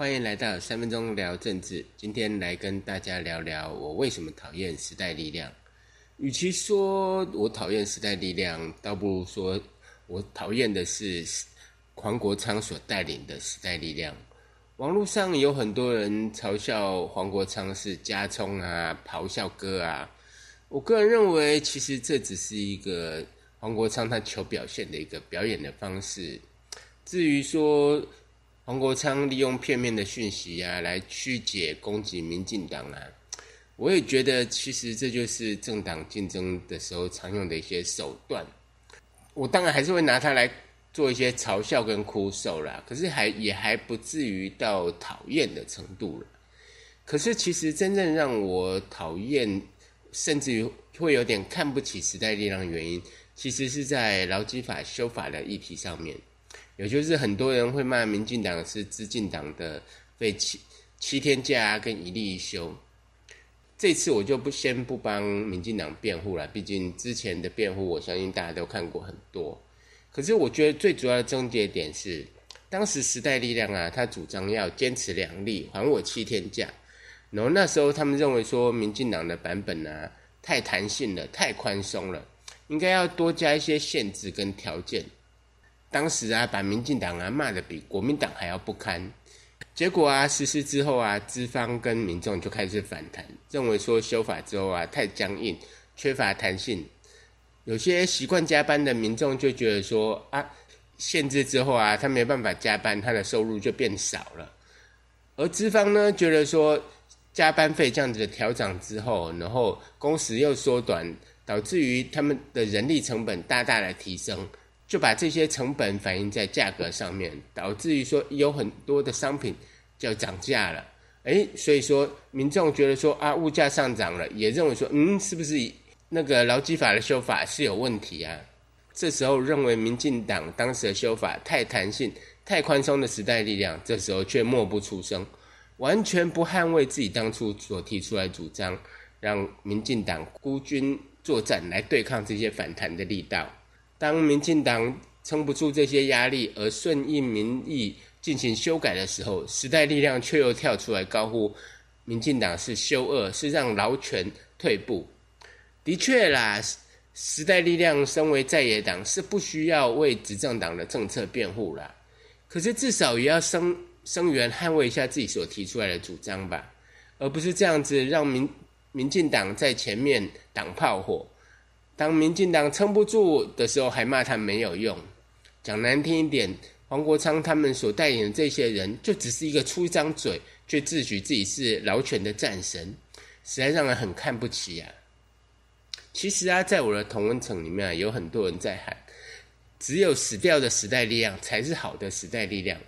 歡迎來到三分鐘聊政治。今天來跟大家聊聊我為什麼討厭時代力量。與其說我討厭時代力量，倒不如說我討厭的是黃國昌所帶領的時代力量。網絡上有很多人嘲笑黃國昌是家衝啊、咆哮哥啊。我個人認為，其實這只是一個黃國昌他求表現的一個表演的方式。至於說，黃國昌利用片面的訊息啊，來曲解攻擊民進黨啊，我也覺得其實這就是政黨競爭的時候常用的一些手段。我當然還是會拿它來做一些嘲笑跟哭訴啦，可是還也還不至於到討厭的程度了。可是其實真正讓我討厭，甚至於會有點看不起時代力量的原因，其實是在勞基法修法的議題上面。也就是很多人會罵民進黨是資進黨的，廢七天假跟一例一休，這次我就不先不幫民進黨辯護了，畢竟之前的辯護我相信大家都看過很多。可是我覺得最主要的症結點是，當時時代力量啊，他主張要堅持兩例還我七天假，然後那時候他們認為說民進黨的版本呢、啊、太彈性了，太寬鬆了，應該要多加一些限制跟條件。當時啊，把民進黨啊罵得比國民黨還要不堪，結果啊，實施之後啊，資方跟民眾就開始反彈，認為說修法之後啊，太僵硬，缺乏彈性。有些習慣加班的民眾就覺得說啊，限制之後啊，他沒辦法加班，他的收入就變少了。而資方呢，覺得說加班費這樣子的調漲之後，然後工時又縮短，導致於他們的人力成本大大的提升。就把這些成本反映在價格上面，導致於說有很多的商品就漲價了。誒，所以說民眾覺得說啊，物價上漲了，也認為說，嗯，是不是那個勞基法的修法是有問題啊？這時候認為民進黨當時的修法太彈性、太寬鬆的時代力量，這時候卻默不出聲，完全不捍衛自己當初所提出來主張，讓民進黨孤軍作戰來對抗這些反彈的力道。當民進黨撐不住這些壓力而順應民意進行修改的時候，時代力量卻又跳出來高呼民進黨是修惡，是讓勞權退步。的確啦，時代力量身為在野黨是不需要為執政黨的政策辯護啦。可是至少也要聲聲援捍衛一下自己所提出來的主張吧，而不是這樣子讓民民進黨在前面擋炮火。當民進黨撐不住的時候，還罵他沒有用。講難聽一點，黃國昌他們所帶領的這些人，就只是一個出一張嘴，卻自詡自己是勞權的戰神，實在讓人很看不起呀、啊。其實啊，在我的同溫層裡面、啊，有很多人在喊，只有死掉的時代力量才是好的時代力量。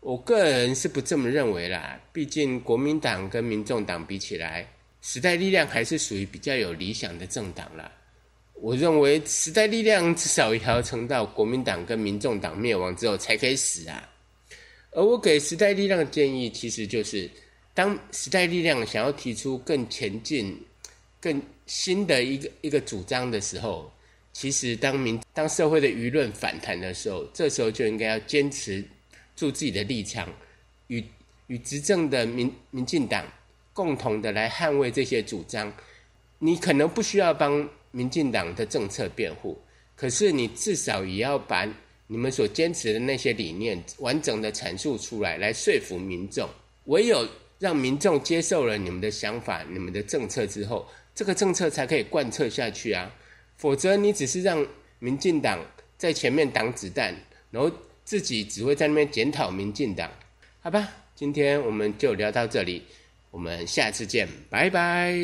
我個人是不這麼認為啦。畢竟國民黨跟民眾黨比起來，時代力量還是屬於比較有理想的政黨啦。我認為時代力量至少也要撐到國民黨跟民眾黨滅亡之後才可以死啊！而我給時代力量的建議，其實就是當時代力量想要提出更前進、更新的一個一個主張的時候，其實當民當社會的輿論反彈的時候，這時候就應該要堅持住自己的立場，與與執政的民民進黨共同的來捍衛這些主張。你可能不需要幫。民進黨的政策辯護，可是你至少也要把你們所堅持的那些理念完整地闡述出來，來說服民眾。唯有讓民眾接受了你們的想法、你們的政策之後，這個政策才可以貫徹下去啊！否則，你只是讓民進黨在前面擋子彈，然後自己只會在那邊檢討民進黨。好吧，今天我們就聊到這裡，我們下次見，拜拜。